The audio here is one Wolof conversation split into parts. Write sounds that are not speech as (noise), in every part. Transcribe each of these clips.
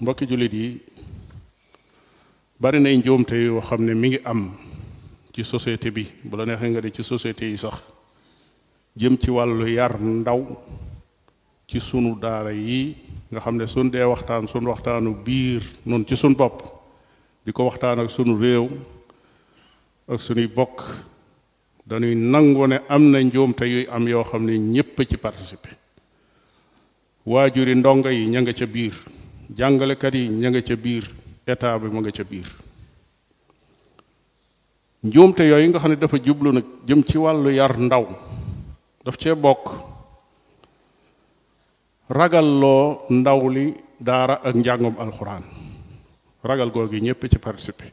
mbokki jullit yi bari nay njuumte yoo xam ne mi ngi am ci société bi bu la neexee nga de ci société yi sax jëm ci wàllu yar ndaw ci sunu daara yi nga xam ne sun dee waxtaan sun waxtaanu biir noonu ci sun bopp di ko waxtaan ak sunu réew ak sunuy bokk dañuy nangu ne am na njoomte yuy am yoo xam ne ñépp ci participer waajuri ndongo yi ña nga ca biir jàngalekat yi ñu nga ca biir état bi mu nga ca biir njuumte yooyu nga xam ne dafa jublu nag jëm ci wàllu yar ndaw daf cee bokk ragal loo ndaw li daara ak njàngum alxuraan ragal googu ñépp ci participer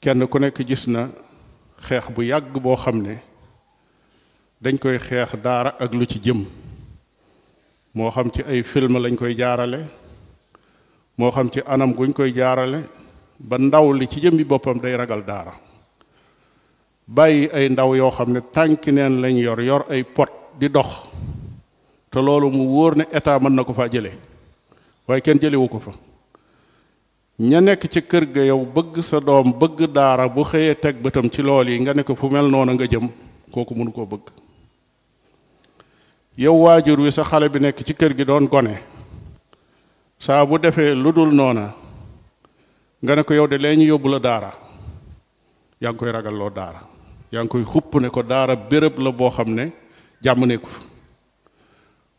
kenn ku nekk gis na xeex bu yàgg boo xam ne dañ koy xeex daara ak lu ci jëm moo xam ci ay film lañ koy jaarale moo xam ci anam guñ koy jaarale ba ndaw li ci jëm jëmmi boppam day ragal daara bàyyi ay ndaw yoo xam ne tànki neen lañ yor yor ay pot di dox te loolu mu wóor ne état mën na ko faa jële waaye kenn jëlewu ko fa ña nekk ci kër ga yow bëgg sa doom bëgg daara bu xëyee teg bëtam ci lool yi nga ne ko fu mel noonu nga jëm kooku mënu koo bëgg yow waajur wi sa xale bi nekk ci kër gi doon gone saa bu defee lu dul noona nga ne ko yow de lee ñu yóbbu la daara yaa ngi koy ragal loo daara yaa ngi koy xupp ne ko daara béréb la boo xam ne jàmm nekku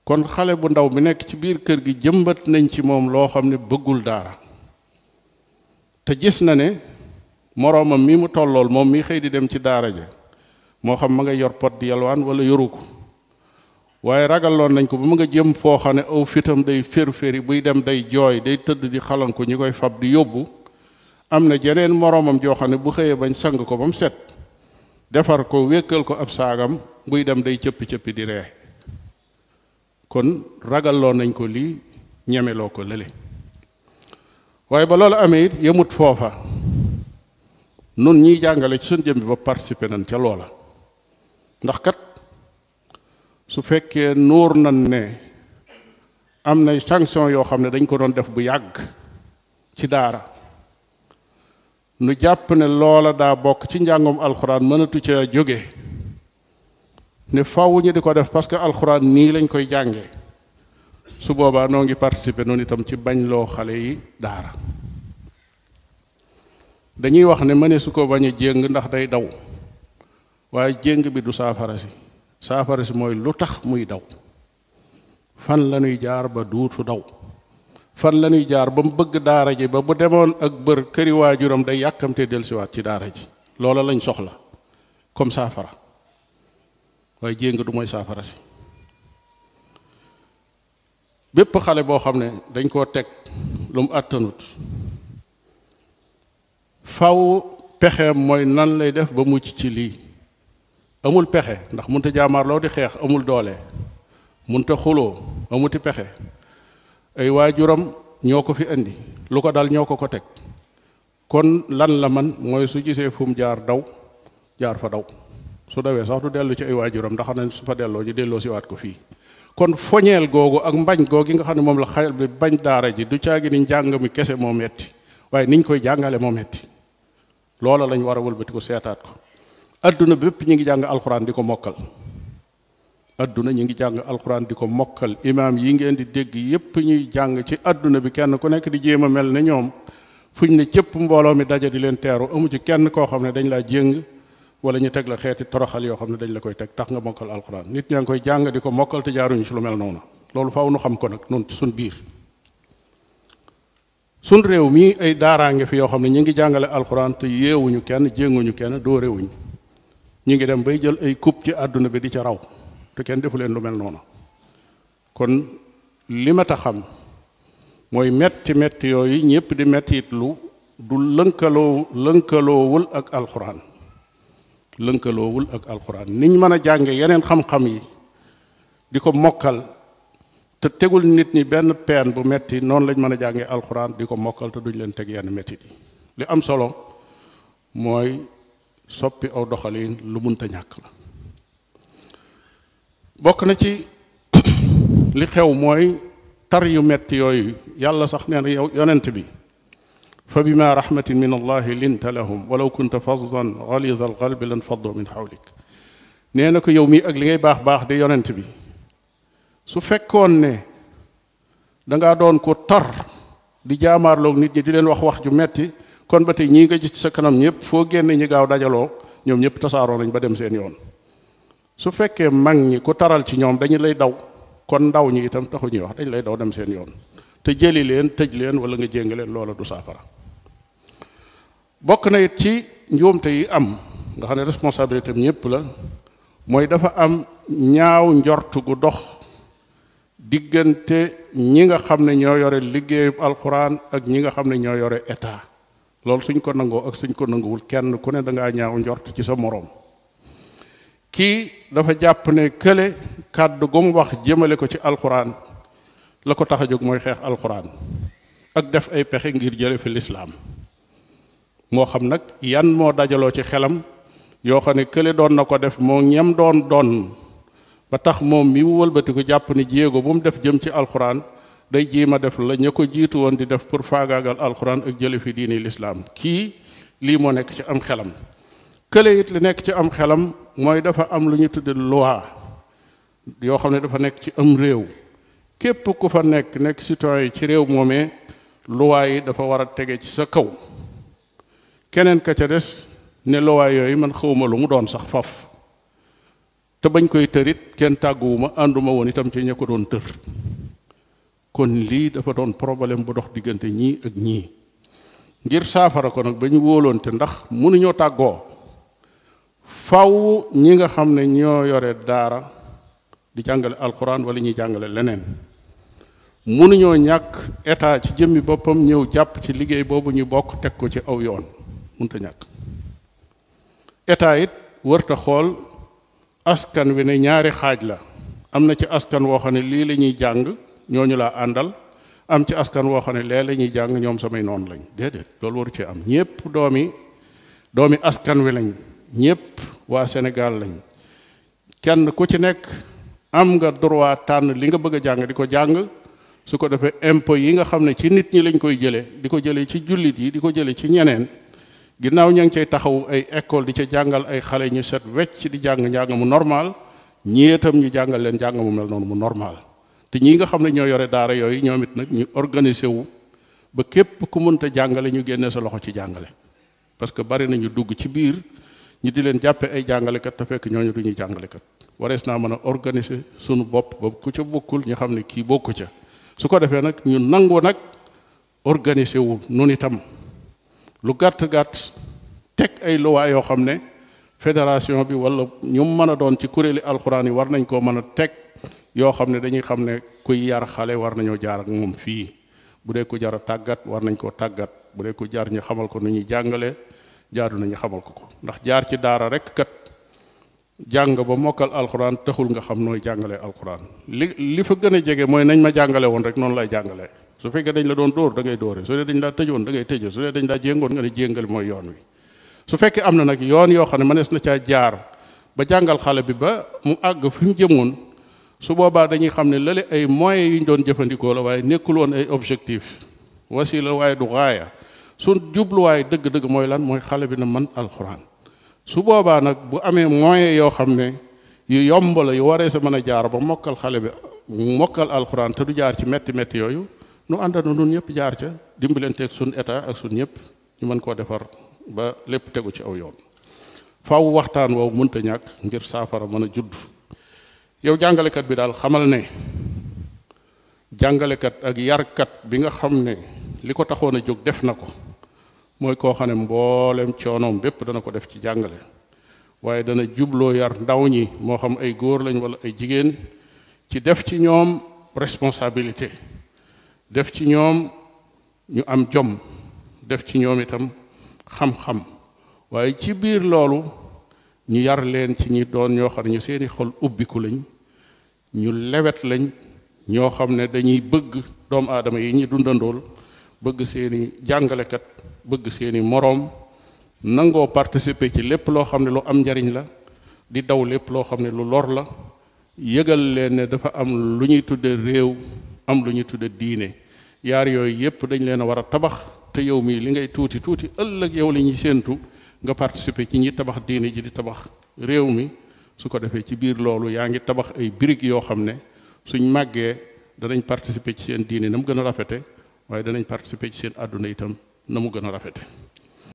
kon xale bu ndaw bi nekk ci biir kër gi jëmbat nañ ci moom loo xam ne bëggul daara te gis na ne moroomam mii mu tollool moom mi xëy di dem ci daara ja moo xam ma nga yor pot di yalwaan wala yoru ko waaye ragaloon nañ ko ba mu nga jëm foo xam ne aw fitam day fér-féri buy dem day jooy day tëdd di xalanku ñi koy fab di yóbbu am na jeneen moroomam joo xam ne bu xëyee bañ sang ko ba mu set defar ko wékkal ko ab saagam buy dem day cëppi-cëppi di ree kon ragalloo nañ ko lii ñemeloo ko lële waaye ba loolu amee it foofa nun ñiy jàngale ci suñ jëm bi ba participer nañ ca loola ndax kat su fekkee nóor nañ ne am nay sanction yoo xam ne dañ ko doon def bu yàgg ci daara nu jàpp ne loola daa bokk ci njàngum alxuraan mënatu ca jóge ne faw ñu di ko def parce que alxuraan nii lañ koy jànge su boobaa noo ngi participer noonu itam ci bañ loo xale yi daara dañuy wax ne mëne su ko bañ a jéng ndax day daw waaye jéng bi du saafara si saafara si mooy lu tax muy daw fan la ñuy jaar ba duutu daw fan la ñuy jaar ba mu bëgg daara ji ba mu demoon ak bër këri waajuram day yàkkamte dellusiwaat ci daara ji loola lañ soxla comme saafara waaye jéng du mooy saafara si bépp xale boo xam ne dañ koo teg lu mu àttanut faw pexeem mooy nan lay def ba mucc ci lii amul pexe ndax mënut a jaamaarloo di xeex amul doole munte xuloo amuti pexe ay waajuram ñoo ko fi indi lu ko dal ñoo ko ko teg kon lan la man mooy su gisee fu mu jaar daw jaar fa daw su dawee sax du dellu ci ay waajuram ndax nañ su fa delloo ñu delloo siwaat ko fii kon foñeel googu ak mbañ googu nga xam ne moom la xayal bi bañ daara ji du caagi ni njàng mi kese moo metti waaye niñ koy jàngale moo metti loola lañ war a wëlbatiku seetaat ko adduna bépp ñu ngi jàng alxuraan di ko mokkal adduna ñu ngi jàng alxuraan di ko mokkal imaam yi ngeen di dégg yépp ñuy jàng ci adduna bi kenn ku nekk di jéem a mel ne ñoom fuñ ne cëpp mbooloo mi daja di leen teeru amu ci kenn koo xam ne dañ laa jéng wala ñu teg la xeeti toroxal yoo xam ne dañ la koy teg tax nga mokkal alxuraan nit ñaa ngi koy jàng di ko mokkal te jaaruñu ci lu mel noonu loolu faaw nu xam ko nag noonu ci suñ biir sun réew mii ay daaraange fi yoo xam ne ñu ngi jàngale alxuraan te yeewuñu kenn jénguñu kenn doo réewuñu ñu ngi dem bay jël ay coupe ci àdduna bi di ca raw te kenn defu leen lu mel noonu kon li ma ta xam mooy metti metti yooyu ñëpp di mettit lu du lënkaloo lënkaloowul ak alxuraan lënkaloowul ak alxuraan niñ mën a jànge yeneen xam-xam yi di ko mokkal te tegul nit ñi benn peen bu metti noonu lañ mën a jànge alxuraan di ko mokkal te duñ leen teg yenn mettit yi li am solo mooy soppi aw doxaliin lu munta ñàkk la bokk na ci (clears throat) li xew mooy tar yu metti yooyu yàlla sax nee na yow yonent bi fa bima rahmatin min allahi linta lahum walaw kunta fasdan galiza alqalbi lan faddu min xawlik nee na ko yow mii ak li ngay baax baax de yonent bi su fekkoon ne dangaa doon ko tar di jaamaarloog nit ñi di leen wax wax ju metti kon ba tey ñii nga gis ci sa kanam ñëpp foo génne ñi gaaw dajaloo ñoom ñëpp tasaaroo nañ ba dem seen yoon su fekkee mag ñi ku taral ci ñoom dañu lay daw kon ndaw ñi itam taxu ñuy wax dañ lay daw dem seen yoon te jëli leen tëj leen wala nga jéng leen loola du saafara bokk na it ci njuumte yi am nga xam ne responsabilité am ñëpp la mooy dafa am ñaaw njort gu dox diggante ñi nga xam ne ñoo yore liggéeyub alxuraan ak ñi nga xam ne ñoo yore état loolu suñ ko nangoo ak suñ ko nanguwul kenn ku ne dangaa ngaa ñaaw njort ci sa moroom kii dafa jàpp ne kële kàddu gu mu wax jëmale ko ci alxuraan la ko tax a jóg mooy xeex alxuraan ak def ay pexe ngir jële fi lislaam moo xam nag yan moo dajaloo ci xelam yoo xam ne kële doon na ko def moo ñam doon doon ba tax moom mi mu wëlbati ko jàpp ne jéego bu mu def jëm ci alxuraan day jéem a def la ña ko jiitu woon di def pour faagaagal alxuraan ak jële fi diini lislaam kii lii moo nekk ci am xelam kële it li nekk ci am xelam mooy dafa am lu ñu tudde loi yoo xam ne dafa nekk ci am réew képp ku fa nekk nekk citoyen yi ci réew moomee luwaa yi dafa war a tege ci sa kaw keneen ka ca des ne loi yooyu man xawma lu mu doon sax faf te bañ koy tërit kenn tàgguwuma ànduma woon itam ci ña ko doon tër kon lii dafa doon problème bu dox diggante ñii ak ñii ngir saafara ko nag ba ñu wóoloonte ndax mënuñoo tàggoo faw ñi nga xam ne ñoo yore daara di jàngale alxuraan wala ñuy jàngale leneen mënuñoo ñàkk état ci jëmmi boppam ñëw jàpp ci liggéey boobu ñu bokk teg ko ci aw yoon mënta ñàkk état it wërta xool askan wi ne ñaari xaaj la am na ci askan woo xam ne lii lañuy jàng ñoo ñu laa àndal am ci askan woo xam ne lee la ñuy jàng ñoom samay noon lañ déedéet loolu waru ci am ñépp doomi doomi askan wi lañ ñépp waa Sénégal lañ kenn ku ci nekk am nga droit tànn li nga bëgg a jàng di ko jàng su ko defee impôt yi nga xam ne ci nit ñi lañ koy jëlee di ko jëlee ci jullit yi di ko jëlee ci ñeneen ginnaaw ña ngi cay taxaw ay école di ca jàngal ay xale ñu set wecc di jàng njàng mu normal ñii ñu jàngal leen njàng mu mel noonu mu normal te ñi nga xam ne ñoo yore daara yooyu ñoomit nag ñu organiser wu ba képp ku mënta jàngale ñu génne sa loxo ci jàngale parce que bari ñu dugg ci biir ñu di leen jàppe ay jàngalekat te fekk ñooñu du ñuy jàngalekat warees naa mën a organiser suñu bopp ba ku ca bokkul ñu xam ne kii bokku ca su ko defee nag ñu nangu nag organiser wu nun itam lu gàtt-gàtt teg ay luwaa yoo xam ne fédération bi walla ñu mën a doon ci kuréeli alxuraan yi war nañ koo mën a teg yoo xam ne dañuy xam ne kuy yar xale war nañoo jaar ak moom fii bu dee ku jar a tàggat war nañ koo tàggat bu dee ku jaar ñu xamal ko nu ñuy jàngale jaaru nañu xamal ko ko ndax jaar ci daara rek kat jàng ba mokkal alxuraan taxul nga xam nooy jàngalee alxuraan li li fa gën a jege mooy nañ ma jàngale woon rek noonu lay jàngalee su fekkee dañ la doon dóor da ngay dóore su dee dañ laa tëjoon da ngay tëje su dee dañ laa jéngoon nga ne jéngal mooy yoon wi su fekkee am na nag yoon yoo xam ne mënees na caa jaar ba jàngal xale bi ba mu àgg fi mu jëmoon su boobaa dañuy xam ne lale ay moyens yu ñu doon jëfandikoo la waaye nekkul woon ay objectif wasila waaye du gaaya su jubluwaay dëgg-dëgg mooy lan mooy xale bi na man alxuraan su boobaa nag bu amee moyens yoo xam ne yu yomb yu waree sa mën a jaar ba mokkal xale bi mokkal alxuraan te du jaar ci metti metti yooyu nu àndana nun ñëpp jaar ca dimbalanteeg sun état ak sun ñëpp ñu mën koo defar ba lépp tegu ci aw yoon faw waxtaan woowu mënta ñàkk ngir saafara mën a judd yow jàngalekat bi daal xamal ne jàngalekat ak yarkat bi nga xam ne li ko taxoon a jóg def na ko mooy koo xam ne mboolem coonoom bépp dana ko def ci jàngale waaye dana jubloo yar ndaw ñi moo xam ay góor lañ wala ay jigéen ci def ci ñoom responsabilité def ci ñoom ñu am jom def ci ñoom itam xam-xam waaye ci biir loolu ñu yar leen ci ñu doon ñoo xam ne ñu seeni xol ubbiku lañ ñu lewet lañ ñoo xam ne dañuy bëgg doomu aadama yi ñu dundandool bëgg seeni jàngalekat bëgg seeni moroom nangoo participer ci lépp loo xam ne lu am njariñ la di daw lépp loo xam ne lu lor la yëgal leen ne dafa am lu ñuy tudd réew am lu ñuy tudd diine yaar yooyu yépp dañ leen a war a tabax te yow mii li ngay tuuti tuuti ëllëg yow li ñuy séentu nga participer ci ñi tabax diine ji di tabax réew mi su ko defee ci biir loolu yaa ngi tabax ay briques yoo xam ne suñ màggee danañ participer ci seen diine na mu gën a rafete waaye danañ participer ci seen àdduna itam na mu gën a rafete